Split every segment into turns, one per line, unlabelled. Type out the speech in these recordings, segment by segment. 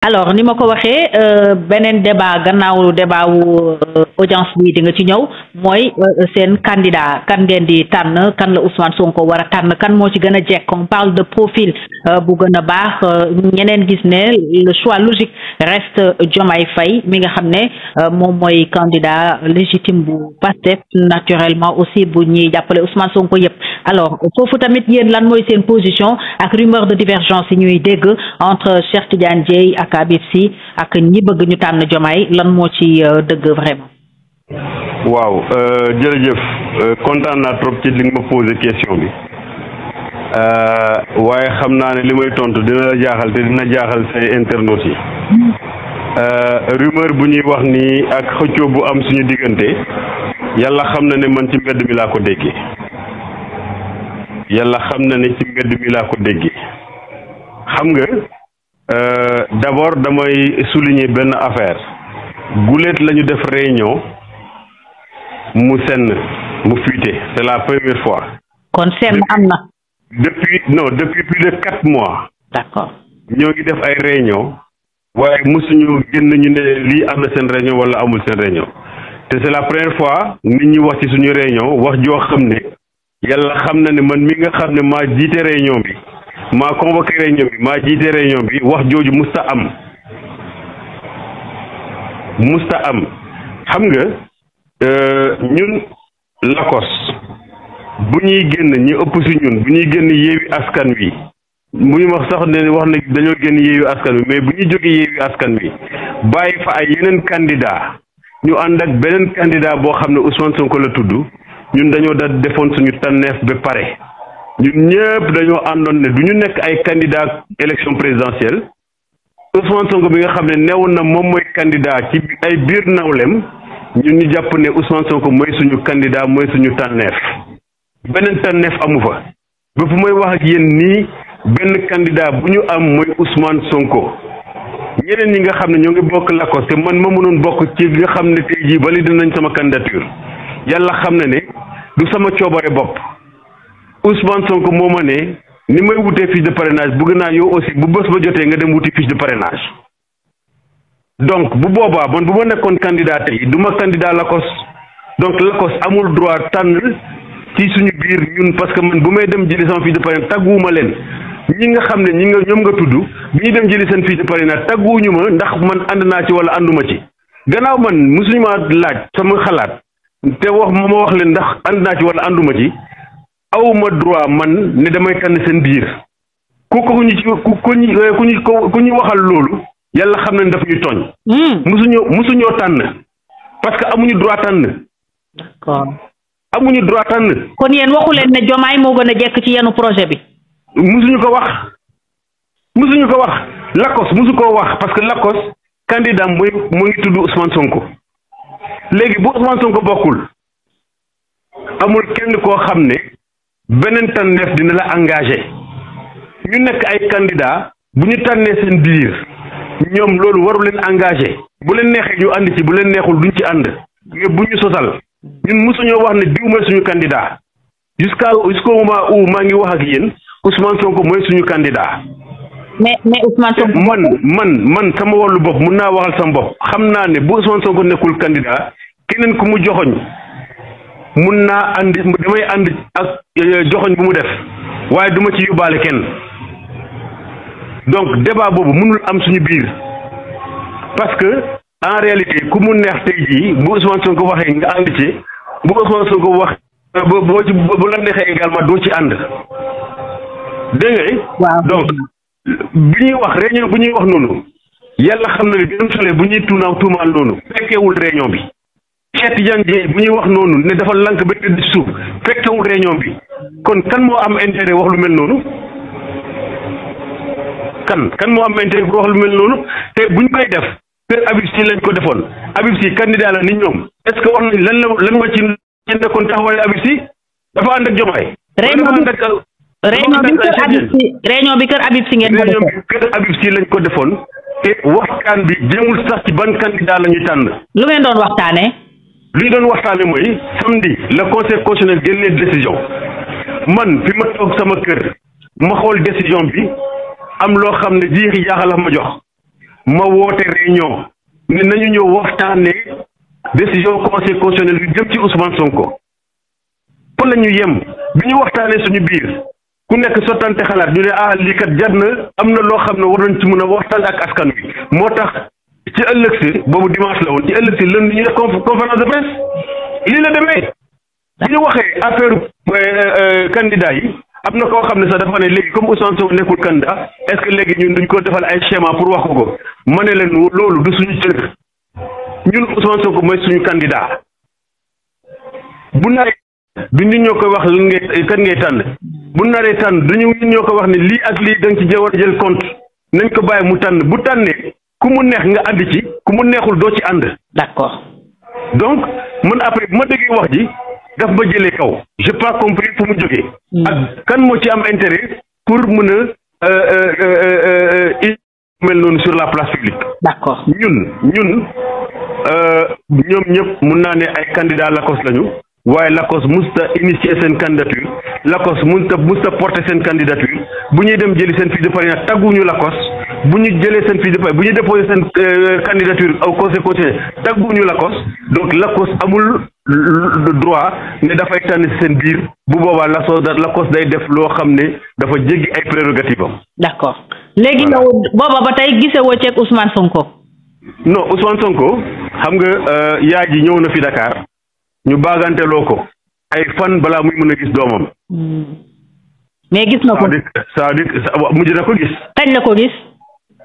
alors ni ma ko waxee euh, beneen débat gannaaw débat wu euh, audience bi di nga ci ñew moy euh, sen candidat kan ngeen di tànn kan la Ousmane Sonko wara a kan mo ci gëna jekk on parle de profil bu gëna baax ñeneen gis né le choix logique reste Jomay Fay mi nga xamné mom moy candidat légitime bu Pastef naturellement aussi bu ñi jappalé Ousmane Sonko yépp alors fofu tamit yéen lan moy sen position ak rumeur de divergence ñuy dégg entre Cheikh Tidiane Diaye ak Habib ak ñi bëgg ñu tànn Diomaye lan moo ci euh, dëgg vraiment.
waaw euh, jërëjëf euh, kontaan naa trop ci li nga ma posé question bi waaye xam naa ne li may tontu dina la jaaxal te dina jaaxal say internautes yi rumeur bu ñuy wax ni ak xëccoo bu am suñu diggante yàlla xam na ne man ci mbedd mi laa ko déggee yàlla xam na ne ci mbedd mi laa ko déggee xam nga. Euh, d'abord damay souligner benn affaire guléet la ñu def réunion mu senn mu fuité c'est la première fois.
kon seen am na.
depuis non depuis plus de quatre mois. d'accord ñoo ngi def ay réunion waaye mosuñu génn ñu ne lii am na seen réunion wala amul seen réunion te c'est la première fois nit ñi wax ci suñu réunion wax joo xam ne yàlla xam na ne man mi nga xam ne maa jiite réunion bi. maa convoqué réunion bi maa jiite réunion bi wax jooju musta am musta am xam nga euh, ñun lakos bu ñuy génn ñi ëpp si ñun bu ñuy génn yeewi askan wi bu ñu wax sax ne wax na dañoo génn yeewi askan wi mais bu ñu jógee yeewi askan wi bàyyi fa ay yeneen candidat ñu ànd ak beneen candidat boo xam ne Ousmane Sonko la tudd ñun dañoo da defoon suñu tànneef ba pare ñun ñëpp dañoo àndoon ne du ñu nekk ay candidat élection présidentielle Ousmane Sonko bi nga xam ne newoon na moom mooy candidat ci ay biir nawlem ñun ñu jàpp ne Ousmane Sonko mooy suñu candidat mooy suñu tànneef beneen tànneef amu fa ba fu may wax ak yéen nii benn candidat bu ñu am mooy Ousmane Sonko ñeneen ñi nga xam ne ñoo ngi bokk la ko te man ma mënoon bokk ci nga xam ne tey jii valide nañ sama candidature yàlla xam na ne du sama coobare bopp. Ousmane Sonko moo ma ne ni may wutee fiche de parrainage bëgg naa yow aussi bu bés ba jotee nga dem wuti fiche de parrainage donc bu boobaa man bu ma nekkoon candidat candidat lakos donc lakos amul droit tànn ci suñu biir ñun parce que man bu may dem jëli sama fiche de parrainage tàgguwuma leen ñi nga xam ne ñi nga ñoom nga tudd bi dem jëli fiche de parrainage ma ndax man ci wala ànduma ci gannaaw man Muslimat ma laaj sama xalaat te wax ma wax leen ndax ànd naa ci wala ànduma ci awma droit man ne damay tànn seen biir ku ko ñu ci ku ku ñu eh, ku ñu waxal loolu yàlla xam nañ daf ñuy tooñ hmm. musuñoo musuñoo tànn parce que amuñu droit tànn amuñu droit tànn kon yéen waxu ne jomaay moo gën a jekk ci yenu projet bi musuñu ko wax musuñu ko wax lakos musu ko wax parce que lakos candidat mooy moo ngi tudd Ousmane Sonko léegi bu Ousmane Sonko bokkul amul kenn koo xam ne beneen tànneef dina la engagé ñu nekk ay candidat bu ñu tànnee seen biir ñoom loolu waru leen engagé bu leen neexee ñu ànd ci bu leen neexul duñ ci ànd mais bu ñu sosal ñun mosuñoo wax ne diw mooy suñu candidat jusqu'à jusqu'au moment où maa ngi wax ak yéen Ousmane Sonko mooy suñu candidat.
mais mais Ousmane
Sonko man man man sama wàllu bopp mun naa waxal sama bopp xam naa ne bu Ousmane Sonko nekkul candidat keneen ku mu joxoñ mun naa ànd damay ànd ak eh, joxoñ bu mu def waaye duma ci yóbbaale kenn donc débat boobu mënul am suñu biir parce que en réalité ku mu neex tey jii bu Ousmane ko waxee nga ànd ci bu Ousmane Sonko wax eh, boo ci bu la neexee également doo ci ànd dégg nga donc bi ñuy wax réunion bu ñuy wax noonu yàlla xam na ne benn sole bu ñuy tuunaam tuumaal noonu fekkewul réunion bi Cheikh Tidiane Dièye bu ñuy wax noonu ne dafa lank ba tëdd ci suuf fekkewul réunion bi kon kan moo am intérêt wax lu mel noonu kan kan moo am intérêt pour wax lu mel noonu te buñ koy def kër Habib Sy lañ ko defoon Habib Sy candidat la ni ñoom est-ce que wax nañ lan la lan moo ci ci nekkoon taxawaay Habib Sy dafa ànd ak Diomaye réunion bi kër Habib Sy réunion bi kër Habib lañ ko defoon te waxtaan bi jëmul sax ci ban candidat la ñuy tànn lu ngeen doon waxtaanee li ñu doon waxtaane mooy samedi la conseil constitutionnel génnee décision man fi ma toog sama kër ma xool décision bi am loo xam ne jiixi jaaxal ma jox ma woote réunion ne nañu ñëw waxtaane décision conseil constitutionnel bi jëm ci Ousmane Sonko kon la ñu yem bi ñu waxtaanee suñu biir ku nekk sottante xalaat ñu ne ah lii kat jar na am na loo xam ne war nañ ci mën a waxtaan ak askan wi moo tax ci ëllëg si boobu dimanche la woon ci ëllëg si lundi ñu def conférence de presse lii la demee bi ñu waxee affaire euh, euh, candidat yi am na koo xam ne sax dafa ne léegi comme Ousmane Sonko nekkul candidat est-ce que léegi ñun duñ ko defal ay schéma pour wax ko ko ma ne leen loolu du suñu cër ñun Ousmane Sonko mooy suñu candidat bu naree du ñun ñoo koy wax lan ngay kan ngay tànn bu naree tànn du ñun ñoo koy wax ne lii ak lii dañ nga ci jël compte nañ ko bàyyi mu tànn bu tànnee. kumu mu neex nga andi ci kumu mu neexul doo ci ànd. d'accord donc man après bu ma déggee wax ji daf ma jëlee kaw. j'ai pas compris fu mu jógee. Hmm. ak kan moo ci am intérêt pour mën a euh, euh, euh, mel noonu sur la place publique. d'accord ñun ñun ñoom ñëpp mun naa ne ay candidats Lacoste lañu. waaye Lacoste musta initier seen candidature Lacoste musta musta porter seen candidature bu ñuy dem jëli seen fiche de parrainage tagguñu Lacoste. bu ñu jëlee seen fiche de paie bu ñu déposé seen euh, candidature au conseil constitutionnel tagguñu LACOS donc lakkoos amul droit ne dafay tànn ci seen biir bu boobaa laso LACOS day def loo xam ne dafa jéggi ay prérogative am.
d'accord léegi yow booba ba tey gisee woo ceeg Ousmane
Sonko. non Ousmane Sonko xam nga euh, yaa ji ñëw na fi Dakar ñu baaganteloo ko ay fan balaa muy mën a gis doomam. Hmm. mais gis na ko. c'est-à-dire mujj na ko gis. kañ la ko gis.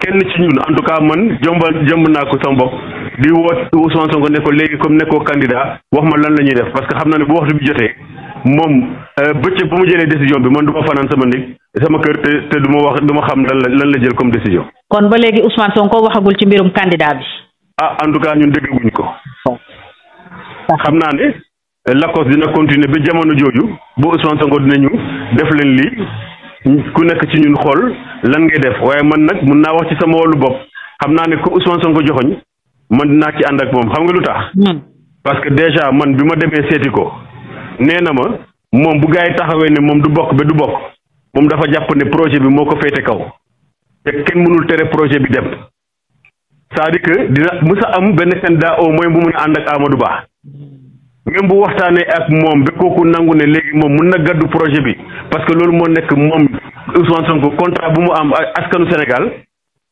kenn ci ñun en tout cas man jombal jëmb naa ko sama bopp di woot Ousmane Sonko ne ko léegi comme nekkoo candidat wax ma lan la ñuy def parce que xam naa ne bu waxtu bi jotee moom euh, bëccëg bu mu jëlee décision bi man du ma fanaan sama ndig sama kër te te du ma wax du ma xam lan la lan la jël comme décision.
kon ba léegi Ousmane Sonko waxagul ci mbirum candidat bi.
ah en tout cas ñun déggaguñ ko. xam naa ne euh, Lacoste dina continuer bi jamono jooju boo ba Ousmane Sonko dinañu def leen lii. ku nekk ci ñun xool lan ngay def waaye man nag mun naa wax ci sama wàllu bopp xam naa ne ko Ousmane ko joxoñ man dinaa ci ànd ak moom xam nga lu tax. parce que déjà man bi ma demee seeti ko nee na ma moom bu gaa yi taxawee ne moom du bokk ba du bokk moom dafa jàpp ne projet bi moo ko féete kaw te kenn mënul tere projet bi dem c'est-à-dire que dina mës a am benn sendaa au moins bu mun a ànd ak Amadou Ba. même bu waxtaanee ak moom ba kooku nangu ne léegi moom mun na gàddu projet bi parce que loolu moo nekk moom Ousmane Sonko contrat bu mu am askanu Sénégal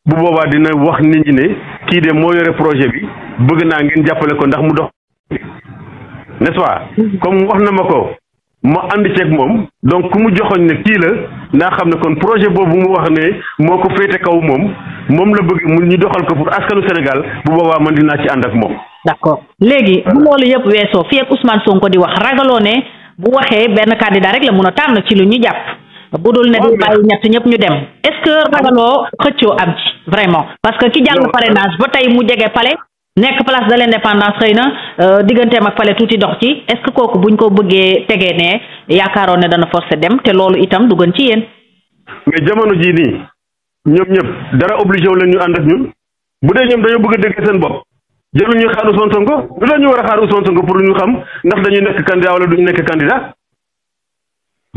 bu boobaa dina wax nit ñi ne kii de moo yore projet bi bëgg naa ngeen jàppale ko ndax mu dox n'est-ce comme wax na ma ko ma ànd ceeg moom donc ku mu joxoñ ne kii la naa xam ne kon projet boobu mu wax ne moo ko féete kaw moom moom la bëgg mu ñu doxal ko pour askanu Sénégal bu boobaa man dinaa ci ànd ak moom. d'accord
léegi mu loolu yëpp weesoo fii ak Ousmane ko di wax ragaloo ne bu waxee benn candidat rek la mun a na ci lu ñu jàpp. budul ne du bàyyi ñett ñëpp ñu dem est-ce que ragaloo xëccoo am ci vraiment parce que ki jàll parrainage ba tey mu jege pale Nek place de l'indépendance xëy na euh, digganteem ak fale tuuti dox ci est ce que kooku buñ ko bëggee tegee ne yaakaaroon dana forcé dem te loolu itam du gën ci yéen
mais jamono jii nii ñoom ñëpp dara obligé wu leen ñu ànd ak ñun bu dee ñoom dañoo bëgg a dégg seen bopp jëlu ñuy xaar Ousmane Sonko du la ñu war a xaar pour ñu xam ndax dañuy nekk candidat wala duñ nekk candidat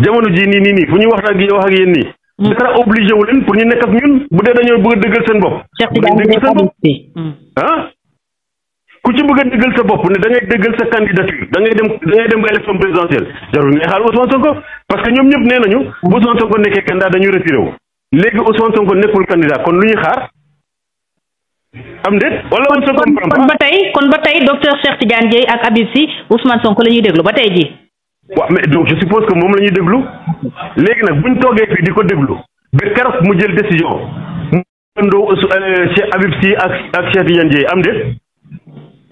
jamono jii nii nii nii fu ñuy waxtaan ak wax ak mm. dara obligé wu pour ñu ak ñun
bëgg
ku ci bëgg a dëggal sa bopp ne da ngay dëggal sa candidature da dem da ngay dem élection présidentielle jarul ngay xaar Ousmane Sonko parce que ñoom ñëpp nee nañu bu Ousmane Sonko nekkee candidat dañuy retiré wu léegi Ousmane Sonko nekkul candidat kon lu ñuy xaar am déet wala Ousmane Sonko kon
ba tey kon ba tey docteur Cheikh Tidiane Dièye ak Habib Sy Ousmane Sonko la ñuy déglu ba tey jii.
waaw mais donc je suppose que moom la ñuy déglu léegi nag buñ toogee fii di ko déglu ba keroog mu jël décision mu gëndoo euh, Cheikh Habib ak ak Cheikh Tidiane Dièye am déet.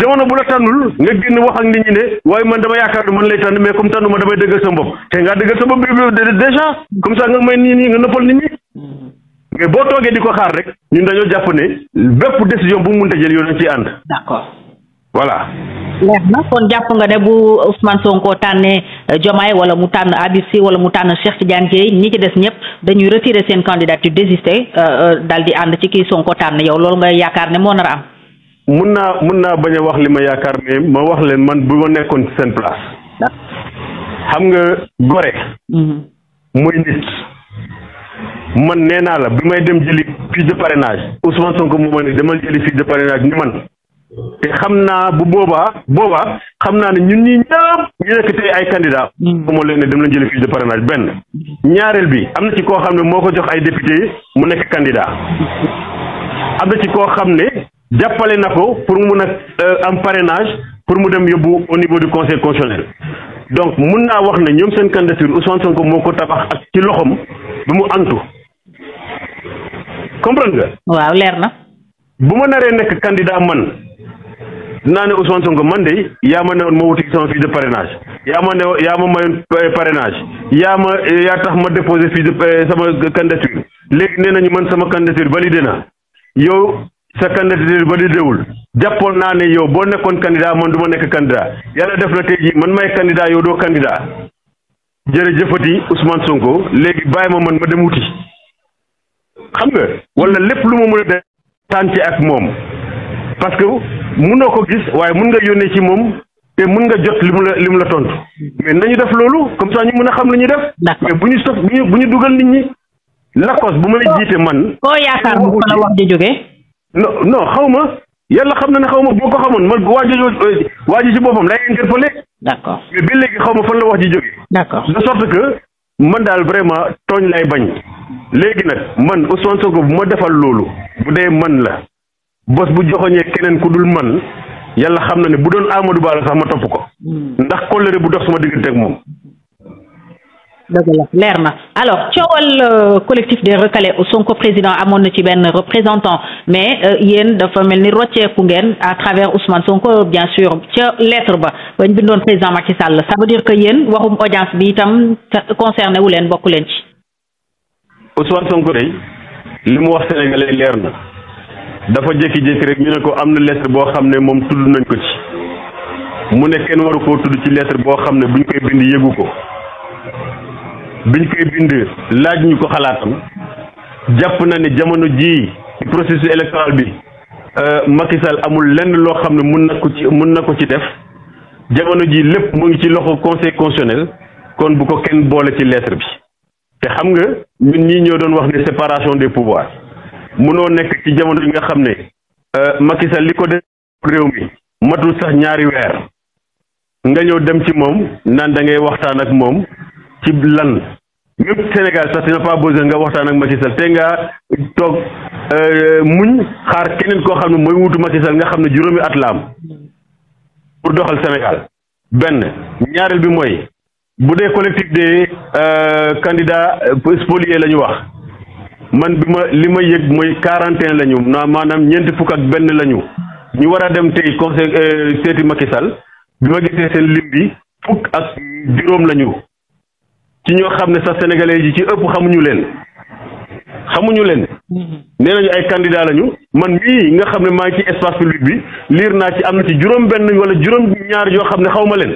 jamono bu la tànnul nga génn wax ak nit ñi ne waaye man dama yaakaar du man lay tànn mais comme tànnu ma damay dëggal sa bopp te ngaa dëggal sa bopp bi déjà comme ça nga may nit ñi nga nëppal nit ñi mm-hmm. boo toogee di ko xaar rek ñun dañoo jàpp ne bépp décision bu mu mënta jël yoon ci ànd. d'accord voilà.
leer na kon jàpp nga ne bu Ousmane Sonko tànnee euh, Diomaye wala mu tànn Habib Sy wala mu tànn Cheikh Tidiane Dièye ñi ci des ñëpp dañuy retirer seen candidature désister euh, euh, daal di ànd ci kii Sonko tànn yow loolu nga yaakaar ne moo nar am.
mun naa mun naa bañ a wax li ma yaakaar ne ma wax leen man bu ma nekkoon ci seen place. xam nga gore. Mhm. muy nit. man nee naa la bi may dem jëli fiche de parrainage Ousmane Sonko moo ma ne demal jëli fiche de parrainage ni man. te xam naa bu boobaa boobaa xam naa ne ñun ñi ñëpp ñu nekk tey ay candidat mhm. moo leen ne dem lañ jëli fiche de parrainage benn ñaareel bi am na ci koo xam ne moo ko jox ay député mu nekk candidat am na ci koo xam ne jàppale na ko pour mu mun a euh, am parrainage pour mu dem yóbbu au niveau du conseil constitutionnel donc mun naa wax ne ñoom seen candidature Ousmane Sonko moo ko tabax ak ci loxoom bu mu antu comprendre nga. waaw leer na. bu ma naree nekk candidat man dinaa ne Ousmane Sonko man de yaa ma ne woon ma wuti sama fiche de parrainage yaa ma ne yaa ma mayoon euh, parrainage yaa ma euh, yaa tax ma déposé fiche de sama candidature léegi nee nañu man sama candidature validé na sa candidature validéwul jàppoon naa ne yow boo nekkoon candidat man du ma nekk candidat yàlla def na tey jii man may candidat yow doo candidat jërëjëfati Ousmane Sonko léegi bàyyi ma man ma dem wuti xam nga wala lépp lu ma mën a def tànce ak moom parce que mënoo ko gis waaye mën nga yónnee ci moom te mën nga jot li mu la li mu la tontu mais nañu def loolu comme sax ñu mën a xam la ñuy def. mais bu ñu sof bu ñu bu ñu dugal nit ñi. lakos bu may jiite man. koo wax non no xaw ma yàlla xam na ne xaw ma boo ko xamoon man waa ji waa ji boppam lay interpellé. d' accord mais ba léegi xaw ma fan la wax ji jógee. d' accord de sorte que man daal vraiment tooñ lay bañ. léegi nag man Ousmane Sonko bu ma defal loolu bu dee man la bos bu joxoñee keneen ku dul man yàlla xam na ne bu doon Amadou Ba la sax ma topp ko. Hmm. ndax kóllëre bu dox sama diggante ak moom.
dëgg la tu as le coowal euh, collectif des recalés Sonko président amoon na ci benn représentant mais euh, yéen dafa mel ni rocceeku ngeen à travers Ousmane Sonko bien sûr ca lettre ba bañ bindoon président Macky Sall ça veut dire que yéen waxum audience bi itam concerné ou leen beaucoup leen ci.
Ousmane Sonko day li mu wax sénégalais leer na dafa j'ai jékki rek ñu ne ko lettre Bo xam ne moom tudd nañ ko ci mu ne kenn waru koo tudd ci lettre Bo xam ne buñ koy bind yëgu ko. biñ koy bind laaj ñu ko xalaatam jàpp na ni jamono jii ci processus électoral bi euh, Macky Sall amul lenn loo xam ne mun na ko ci mun na ko ci def jamono jii lépp mu ngi ci loxo conseil constitutionnel kon bu ko kenn boole ci lettre bi te xam nga ñun ñi ñoo doon wax ne séparation des pouvoirs munoo nekk ci jamono yi nga xam ne euh, Macky Sall li ko def réew mi matul sax ñaari weer nga ñëw dem ci moom naan da waxtaan ak moom ci lan ñëpp Sénégal sax dina pas besoin nga waxtaan ak Macky Sall te nga toog euh, muñ xaar keneen koo xam ne mooy wuutu Macky Sall nga xam ne juróomi atlam la am pour doxal Sénégal benn ñaareel bi mooy bu dee collectif des euh, candidats euh, spoliés la ñu wax man bi ma li ma yëg mooy quarante et un la ñu na maanaam ñeenti fukk ak benn la ñu ñu war a dem tey conseil seeti Macky Sall bi ma gisee seen lim bi fukk ak juróom la ci ñoo xam ne sax sénégalais yi ci ëpp xamuñu leen xamuñu leen nee nañu ay candidat lañu man mii nga xam ne maa ngi ci espace public bi liir naa ci am na ci juróom-benn wala juróom-ñaar yoo xam ne xaw ma leen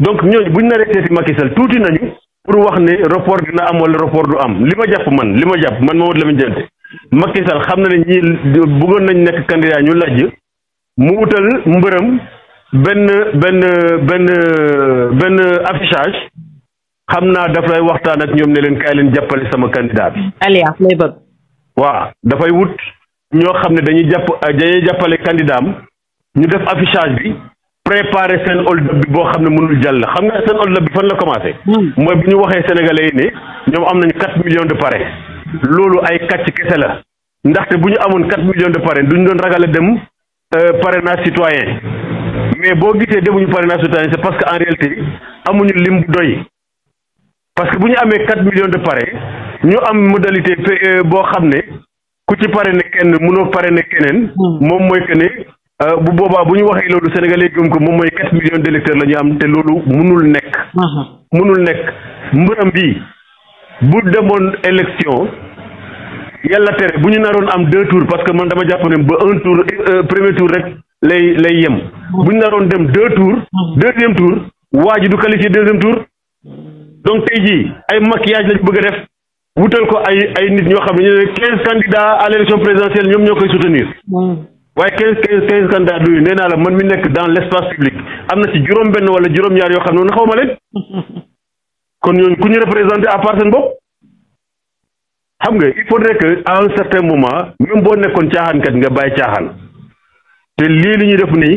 donc ñooñu buñ naree seeti Macky tuuti nañu pour wax ni report dina am wala report du am li ma jàpp man li ma jàpp man Mamadou Lamine Diante Macky Sall xam na ne ñii bëggoon nañ nekk candidat ñu lajj mu utal mbërëm benn benn benn benn affichage. xam naa daf waxtaan ak ñoom ne leen kaay leen jàppale sama candidat bi. alliance lay waaw dafay wut ñoo xam ne dañuy jàpp dañuy jàppale candidat am ñu def affichage bi préparer seen hold bi boo xam ne mënul jàll xam nga seen hold up bi fan la commencé. Hmm. mooy bu ñu waxee sénégalais yi ne ñoom am nañu quatre millions de pare loolu ay kàcc kese la. ndaxte bu ñu amoon quatre millions de parrain duñu doon ragale dem dem euh, parrainage citoyen mais boo gisee demuñu parrainage citoyen c'est parce que en réalité amuñu lim doy. parce que bu ñu amee quatre millions de parrains ñu am modalité euh, boo xam ne ku ci pare parrainé kenn mënoo parrainé keneen. Hmm. moom mooy que ne euh, bu boobaa bu ñu waxee loolu sénégalais gëm ko moom mooy quatre millions d'électeurs la ñu am te loolu mënul nekk. Hmm. mënul nekk mbërëm bi bu demoon élection yàlla tere bu ñu naroon am deux tours parce que man dama jàpp ne ba un tour euh, premier tour rek lay lay yem. Hmm. bu ñu naroon dem deux tours. deuxième tour waa ji du qualifié deuxième donc tey jii ay maquillage lañ bëgg a def wutal ko ay ay nit ñoo xam ne ñu ne quinze candidats à l'élection présidentielle ñoom ñoo koy soutenir hmm. waaye quinze quinze quinze candidats duyu nee naa la man mi nekk dans l'espace public am na ci juróom benn wala juróom-ñaar yoo xam ne xaw ma leen kon ñooñu ku ñu représenté à part seen bopp xam nga il faudrait que à un certain moment même boo nekkoon caaxaankat nga bàyyi caaxaan te lii li ñuy def nii